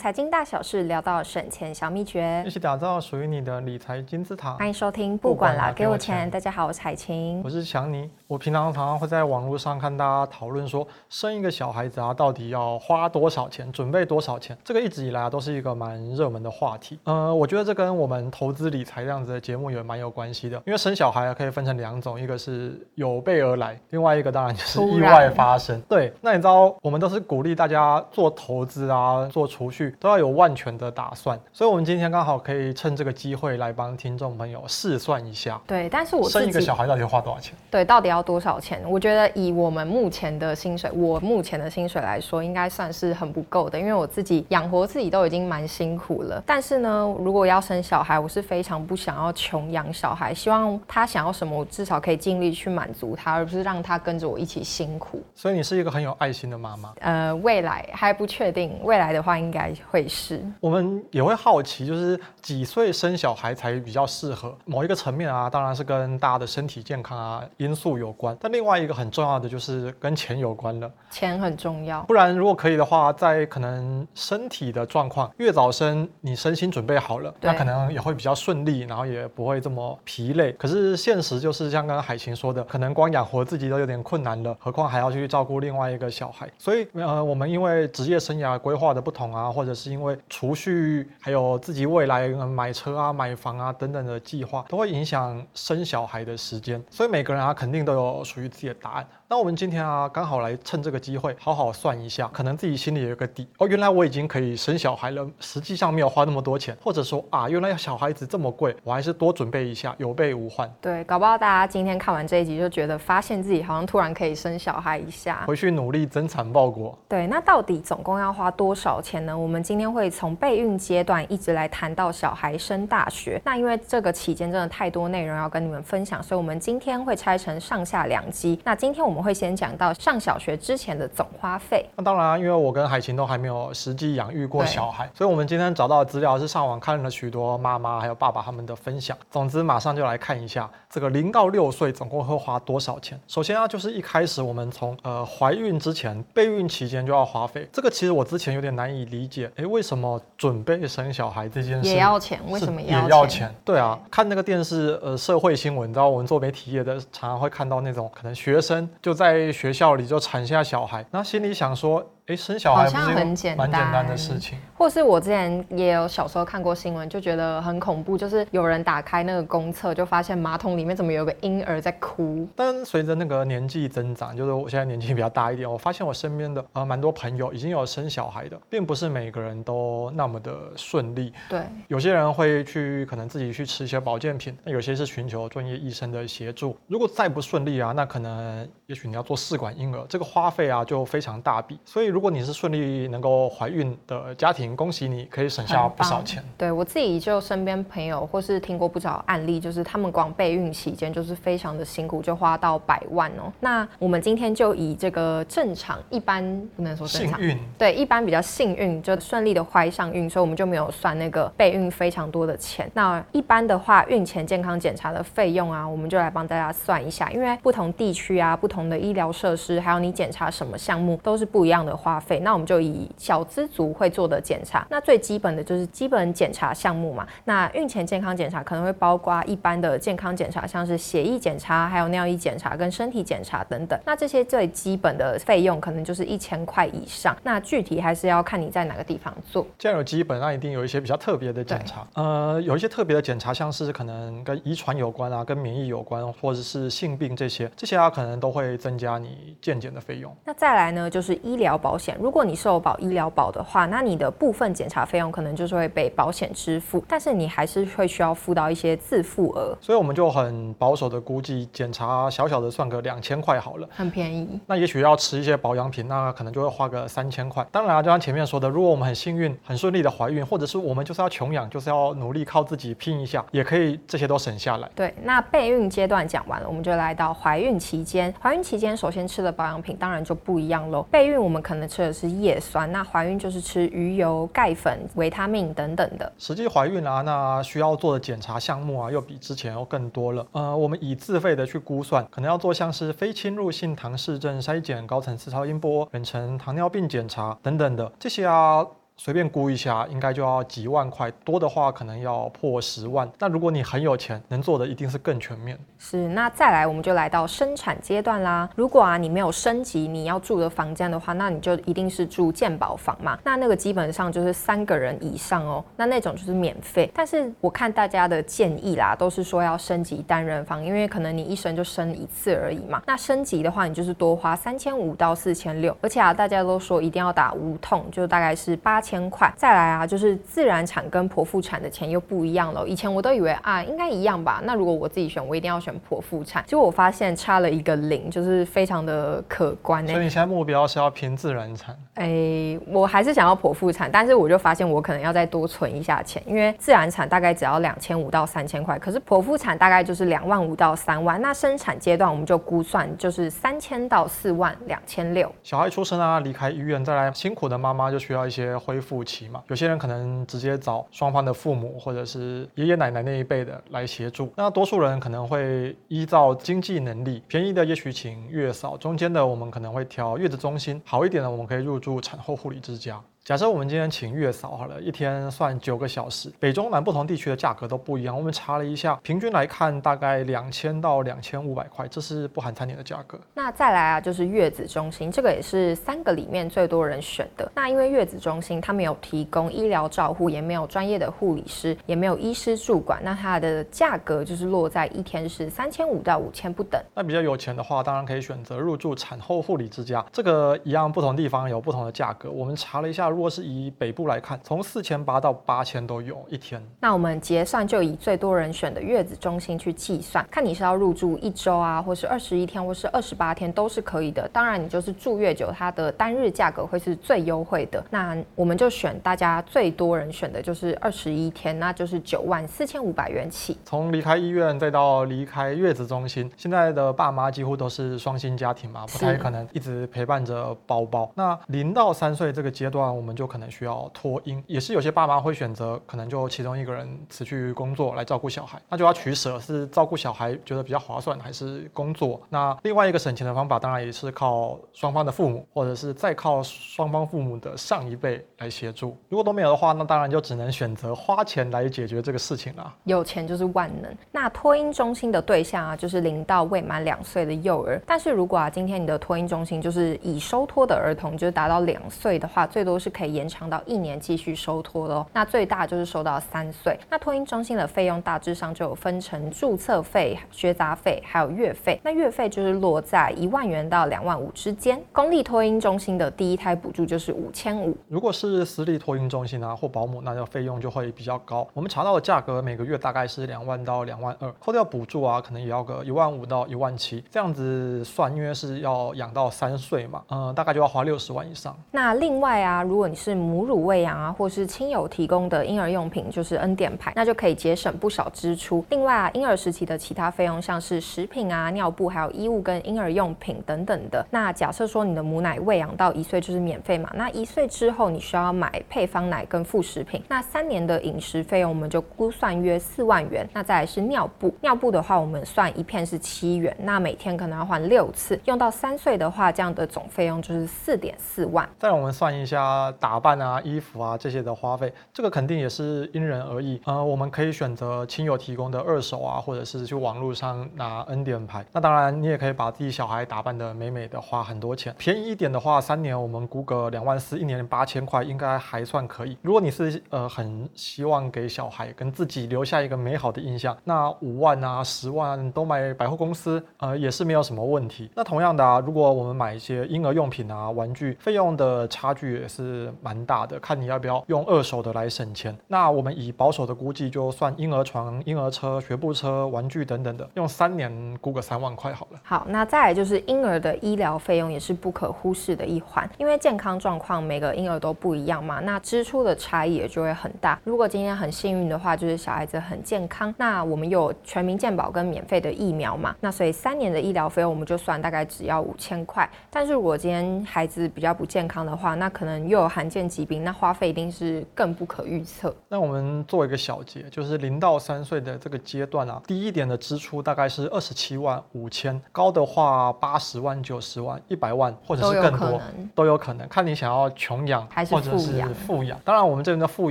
財經大小事，聊到省錢小秘訣，一起打造屬於你的理財金字塔。歡迎收聽，不管啦，給我錢。給我錢。大家好，我是海晴，我是強尼。我平常常常會在網絡上看大家討論說，生一個小孩子啊，到底要花多少錢，準備多少錢？這個一直以來啊，都是一個蠻熱門的話題。呃，我覺得這跟我們投資理財這樣子的節目也蠻有關係的，因為生小孩、啊、可以分成兩種，一個是有備而來，另外一個當然就是意外發生。啊、對，那你知道我們都是鼓勵大家做投資啊，做儲蓄。都要有萬全的打算，所以，我們今天剛好可以趁這個機會來幫聽眾朋友試算一下。對，但是我生一個小孩到底要花多少錢？對，到底要多少錢？我覺得以我們目前的薪水，我目前的薪水來說，應該算是很不夠的，因為我自己養活自己都已經蠻辛苦了。但是呢，如果要生小孩，我是非常不想要窮養小孩，希望他想要什麼，我至少可以盡力去滿足他，而不是讓他跟着我一起辛苦。所以，你是一個很有愛心的媽媽。呃，未來還不確定，未來的話應該。會是，我們也會好奇，就是幾歲生小孩才比較適合？某一個層面啊，當然是跟大家的身體健康啊，因素有關，但另外一個很重要的就是跟錢有關了，錢很重要，不然如果可以的話，在可能身體的狀況越早生，你身心準備好了，對那可能也會比較順利，然後也不會這麼疲累。可是現實就是像剛剛海晴說的，可能光養活自己都有點困難了，何況還要去照顧另外一個小孩，所以呃，我們因為職業生涯規劃的不同啊。或者是因為儲蓄，還有自己未來買車啊、買房啊等等的計劃，都會影響生小孩的時間。所以每個人啊，肯定都有屬於自己的答案。那我們今天啊，剛好來趁這個機會，好好算一下，可能自己心裡有個底哦。原來我已經可以生小孩了，實際上沒有花那麼多錢，或者說啊，原來小孩子這麼貴，我還是多準備一下，有備無患。對，搞不好大家今天看完這一集就覺得，發現自己好像突然可以生小孩一下，回去努力增產報國。對，那到底總共要花多少錢呢？我們今天會從備孕階段一直來談到小孩升大學。那因為這個期間真的太多內容要跟你們分享，所以我們今天會拆成上下兩集。那今天我們。我們會先講到上小學之前的總花費。那當然啊，因為我跟海晴都還沒有實際養育過小孩，對所以我們今天找到的資料是上網看了許多媽媽還有爸爸他們的分享。總之，馬上就來看一下這個零到六歲總共會花多少錢。首先啊，就是一開始我們從呃懷孕之前備孕期間就要花費。這個其實我之前有點難以理解，哎，為什麼準備生小孩這件事也要錢？為什麼也要錢？要錢，對啊，對，看那個電視呃社會新聞，你知道我們做媒體業的常常會看到那種可能學生就。就在學校裡就產下小孩，那心裡想說，誒，生小孩好像很簡單的事情，或是我之前也有小時候看過新聞，就覺得很恐怖，就是有人打開那個公廁，就發現馬桶裡面怎麼有個嬰兒在哭。但隨着那個年紀增長，就是我現在年紀比較大一點，我發現我身邊的啊、呃、蠻多朋友已經有生小孩的，並不是每個人都那麼的順利。對，有些人會去可能自己去吃一些保健品，那有些是尋求專業醫生的協助。如果再不順利啊，那可能也許你要做試管嬰兒，這個花費啊就非常大筆。所以如如果你是順利能夠懷孕的家庭，恭喜你，可以省下不少錢。嗯嗯、對，我自己就身邊朋友或是聽過不少案例，就是他們光備孕期間就是非常的辛苦，就花到百萬哦。那我們今天就以這個正常，一般不能說正常，幸運，對，一般比較幸運就順利的懷上孕，所以我們就沒有算那個備孕非常多的錢。那一般的話，孕前健康檢查的費用啊，我們就來幫大家算一下，因為不同地區啊、不同的醫療設施，還有你檢查什麼項目都是不一樣的話。花費，那我們就以小資族會做的檢查，那最基本的就是基本檢查項目嘛。那孕前健康檢查可能會包括一般的健康檢查，像是血液檢查、還有尿液檢查跟身體檢查等等。那這些最基本的費用可能就是一千塊以上。那具體還是要看你在哪個地方做。既然有基本，那一定有一些比較特別的檢查。對呃，有一些特別的檢查，像是可能跟遺傳有關啊，跟免疫有關，或者是性病這些，這些啊可能都會增加你健檢的費用。那再來呢，就是醫療保。如果你受保醫療保的話，那你的部分檢查費用可能就是會被保險支付，但是你還是會需要付到一些自付額。所以我們就很保守的估計，檢查小小的算個兩千塊好了，很便宜。那也許要吃一些保養品，那可能就會花個三千塊。當然啊，就像前面說的，如果我們很幸運、很順利的懷孕，或者是我們就是要窮養，就是要努力靠自己拼一下，也可以這些都省下來。對，那備孕階段講完了，我們就來到懷孕期間。懷孕期間首先吃的保養品當然就不一樣嘍。備孕我們可能。吃的是葉酸，那懷孕就是吃魚油、鈣粉、維他命等等的。實際懷孕了，啊，那需要做的檢查項目啊，又比之前要更多了。呃，我們以自費的去估算，可能要做像是非侵入性唐氏症篩檢、高層次超音波、妊娠糖尿病檢查等等的，這些啊。隨便估一下，應該就要幾萬塊，多的話可能要破十萬。那如果你很有錢，能做的一定是更全面。是，那再來我們就來到生產階段啦。如果啊你沒有升級你要住的房間的話，那你就一定是住健保房嘛。那那個基本上就是三個人以上哦。那那種就是免費。但是我看大家的建議啦，都是說要升級單人房，因為可能你一生就升一次而已嘛。那升級的話，你就是多花三千五到四千六。4, 6, 而且啊，大家都說一定要打無痛，就大概是八千。千塊，再來啊，就是自然產跟剖腹產的錢又不一樣了。以前我都以為啊，應該一樣吧。那如果我自己選，我一定要選剖腹產。結果我發現差了一個零，就是非常的可觀、欸。所以你現在目標是要拼自然產？哎，我還是想要剖腹產，但是我就發現我可能要再多存一下錢，因為自然產大概只要兩千五到三千塊，可是剖腹產大概就是兩萬五到三萬。那生產階段我們就估算就是三千到四萬兩千六。小孩出生啊，離開醫院，再來辛苦的媽媽就需要一些恢。夫妻嘛，有些人可能直接找雙方的父母或者是爺爺奶奶那一輩的來協助。那多數人可能會依照經濟能力，便宜的也許請月嫂，中間的我們可能會挑月子中心，好一點的我們可以入住產後護理之家。假設我們今天請月嫂好了，一天算九個小時，北中南不同地區的價格都不一樣。我們查了一下，平均來看大概兩千到兩千五百塊，這是不含餐點的價格。那再來啊，就是月子中心，這個也是三個裡面最多人選的。那因為月子中心，它沒有提供醫療照護，也沒有專業的護理師，也沒有醫師駐管，那它的價格就是落在一天是三千五到五千不等。那比較有錢的話，當然可以選擇入住產後護理之家，這個一樣，不同地方有不同的價格。我們查了一下。如果是以北部來看，從四千八到八千都有一天。那我們結算就以最多人選的月子中心去計算，看你是要入住一周啊，或是二十一天，或是二十八天都是可以的。當然，你就是住越久，它的單日價格會是最優惠的。那我們就選大家最多人選的就是二十一天，那就是九萬四千五百元起。從離開醫院再到離開月子中心，現在的爸媽幾乎都是雙薪家庭嘛，不太可能一直陪伴着寶寶。是那零到三歲這個階段。我們就可能需要托嬰，也是有些爸媽會選擇，可能就其中一個人辭去工作來照顧小孩，那就要取捨，是照顧小孩覺得比較划算，還是工作？那另外一個省錢的方法，當然也是靠雙方的父母，或者是再靠雙方父母的上一輩來協助。如果都沒有的話，那當然就只能選擇花錢來解決這個事情了。有錢就是萬能。那托嬰中心的對象啊，就是零到未滿兩歲的幼兒。但是如果啊，今天你的托嬰中心就是已收托的兒童，就是達到兩歲的話，最多是。可以延長到一年繼續收托咯。那最大就是收到三歲。那托嬰中心的費用大致上就分成注冊費、學雜費，還有月費。那月費就是落在一萬元到兩萬五之間。公立托嬰中心的第一胎補助就是五千五。如果是私立托嬰中心啊，或保姆，那就費用就會比較高。我們查到的價格每個月大概是兩萬到兩萬二，扣掉補助啊，可能也要個一萬五到一萬七。這樣子算，因為是要養到三歲嘛，嗯，大概就要花六十萬以上。那另外啊，如果如果你是母乳餵養啊，或是親友提供的嬰兒用品，就是恩典牌，那就可以節省不少支出。另外啊，嬰兒時期的其他費用，像是食品啊、尿布還有衣物跟嬰兒用品等等的。那假設說你的母奶餵養到一歲就是免費嘛，那一歲之後你需要買配方奶跟副食品。那三年的飲食費用我們就估算約四萬元。那再來是尿布，尿布的話我們算一片是七元，那每天可能要換六次，用到三歲的話，這樣的總費用就是四點四萬。再我們算一下。打扮啊，衣服啊這些的花費，這個肯定也是因人而異。呃，我們可以選擇親友提供的二手啊，或者是去網絡上拿 N 點牌。那當然，你也可以把自己小孩打扮得美美的，花很多錢。便宜一點的話，三年我們估個兩萬四，一年八千塊，應該還算可以。如果你是呃很希望給小孩跟自己留下一個美好的印象，那五萬啊、十萬都買百貨公司，呃也是沒有什麼問題。那同樣的啊，如果我們買一些嬰兒用品啊、玩具，費用的差距也是。蠻大的，看你要不要用二手的來省錢。那我們以保守的估計，就算嬰兒床、嬰兒車、學步車、玩具等等的，用三年估個三萬塊好了。好，那再來就是嬰兒的醫療費用也是不可忽視的一環，因為健康狀況每個嬰兒都不一樣嘛，那支出的差異也就會很大。如果今天很幸運的話，就是小孩子很健康，那我們有全民健保跟免費的疫苗嘛，那所以三年的醫療費用，我們就算大概只要五千塊。但是如果今天孩子比較不健康的話，那可能又有。罕見疾病，那花費一定是更不可預測。那我們做一個小結，就是零到三歲的這個階段啊，低一點的支出大概是二十七萬五千，高的話八十萬、九十萬、一百萬，或者是更多都有，都有可能，看你想要窮養還是富養，或者是富養。當然，我們這邊的富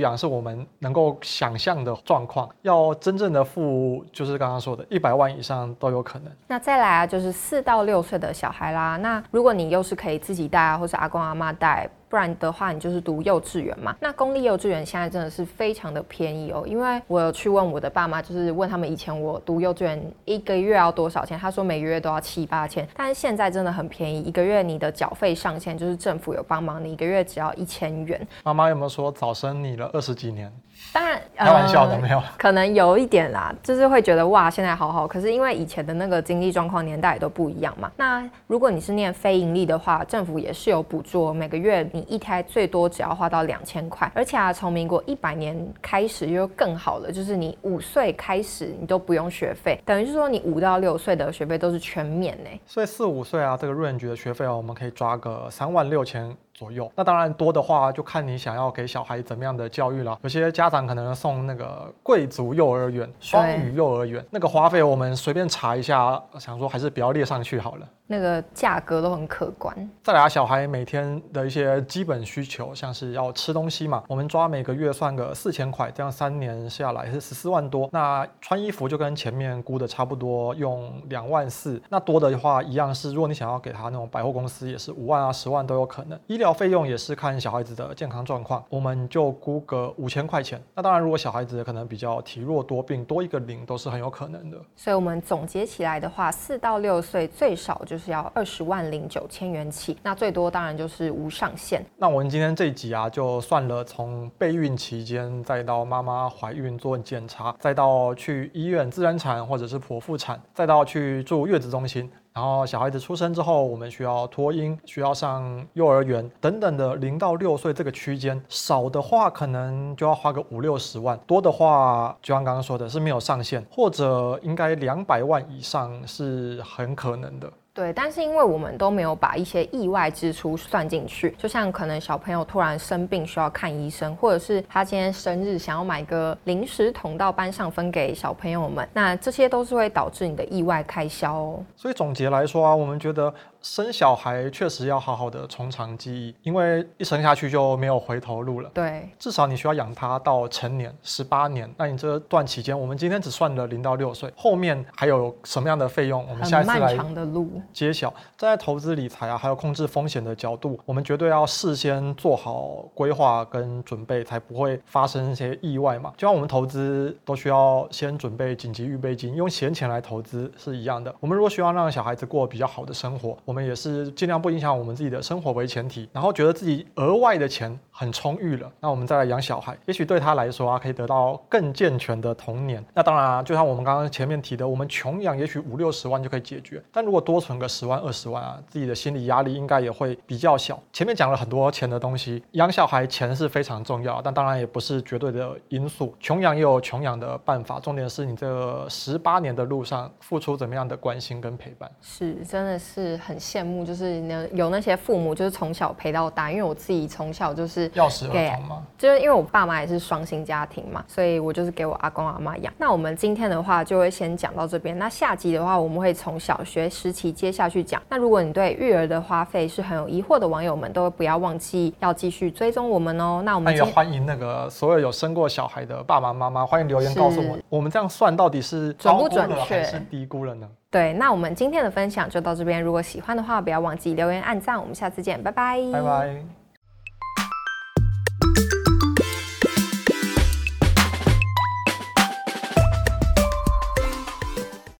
養是我們能夠想象的狀況，要真正的富，就是剛剛說的一百萬以上都有可能。那再來啊，就是四到六歲的小孩啦，那如果你又是可以自己帶啊，或是阿公阿媽帶。不然的話，你就是讀幼稚園嘛。那公立幼稚園現在真的是非常的便宜哦，因為我有去問我的爸媽，就是問他們以前我讀幼稚園一個月要多少錢，他說每個月都要七八千，但是現在真的很便宜，一個月你的繳費上限，就是政府有幫忙，你一個月只要一千元。媽媽有沒有說早生你了二十幾年？當然，呃、開玩笑的沒有。可能有一點啦，就是會覺得哇，現在好好。可是因為以前的那個經濟狀況、年代也都不一樣嘛。那如果你是念非營利的話，政府也是有補助，每個月你一胎最多只要花到兩千塊。而且啊，從民國一百年開始又更好了，就是你五歲開始你都不用學費，等於是說你五到六歲的學費都是全免呢、欸。所以四五歲啊，這個瑞園局的學費哦，我們可以抓個三萬六千。左右，那當然多的話，就看你想要給小孩怎麼樣的教育了。有些家長可能送那個貴族幼兒園、雙語幼兒園，對那個花費我們隨便查一下，想說還是不要列上去好了。那個價格都很可觀。再來、啊、小孩每天的一些基本需求，像是要吃東西嘛，我們抓每個月算個四千塊，這樣三年下來是十四萬多。那穿衣服就跟前面估的差不多，用兩萬四。那多的話一樣是，如果你想要給他那種百貨公司，也是五萬啊、十萬都有可能。醫療費用也是看小孩子的健康狀況，我們就估個五千塊錢。那當然，如果小孩子可能比較體弱多病，並多一個零都是很有可能的。所以我們總結起來的話，四到六歲最少就是。就是要二十萬零九千元起，那最多當然就是無上限。那我們今天這一集啊，就算了。從備孕期間，再到媽媽懷孕做檢查，再到去醫院自然產或者是剖腹產，再到去住月子中心，然後小孩子出生之後，我們需要托嬰，需要上幼兒園等等的，零到六歲這個區間，少的話可能就要花個五六十萬，多的話，就像剛剛說的，是沒有上限，或者應該兩百萬以上是很可能的。對，但是因為我們都沒有把一些意外支出算進去，就像可能小朋友突然生病需要看醫生，或者是他今天生日想要買個零食桶到班上分給小朋友們，那這些都是會導致你的意外開銷哦。所以總結來說啊，我們覺得。生小孩確實要好好的從長計議，因為一生下去就沒有回頭路了。對，至少你需要養他到成年，十八年。那你這段期間，我們今天只算了零到六歲，後面還有什麼樣的費用，我們下一次來揭曉。很漫長的路。在投資理財啊，還有控制風險的角度，我們絕對要事先做好規劃跟準備，才不會發生一些意外嘛。就像我們投資都需要先準備緊急預備金，用閒錢來投資是一樣的。我們如果希望讓小孩子過比較好的生活，我們也是盡量不影響我們自己的生活為前提，然後覺得自己額外的錢很充裕了，那我們再來養小孩，也許對他來說啊，可以得到更健全的童年。那當然啊，就像我們剛剛前面提的，我們窮養，也許五六十萬就可以解決，但如果多存個十萬二十萬啊，自己的心理壓力應該也會比較小。前面講了很多錢的東西，養小孩錢是非常重要，但當然也不是絕對的因素。窮養也有窮養的辦法，重點是你這十八年的路上付出怎麼樣的關心跟陪伴，是真的是很。羨慕就是有那些父母，就是從小陪到大。因為我自己從小就是，給，yeah, 就是因為我爸媽也是雙薪家庭嘛，所以我就是給我阿公阿媽養。那我們今天的話就會先講到這邊。那下集的話，我們會從小學時期接下去講。那如果你對育兒的花費是很有疑惑的網友們，都不要忘記要繼續追蹤我們哦、喔。那我們、啊、也歡迎那個所有有生過小孩的爸爸媽媽，歡迎留言告訴我是我們這樣算到底是準不準確？是低估了呢？對，那我們今天的分享就到這邊。如果喜歡的話，不要忘記留言、按讚。我們下次見，拜拜。拜拜。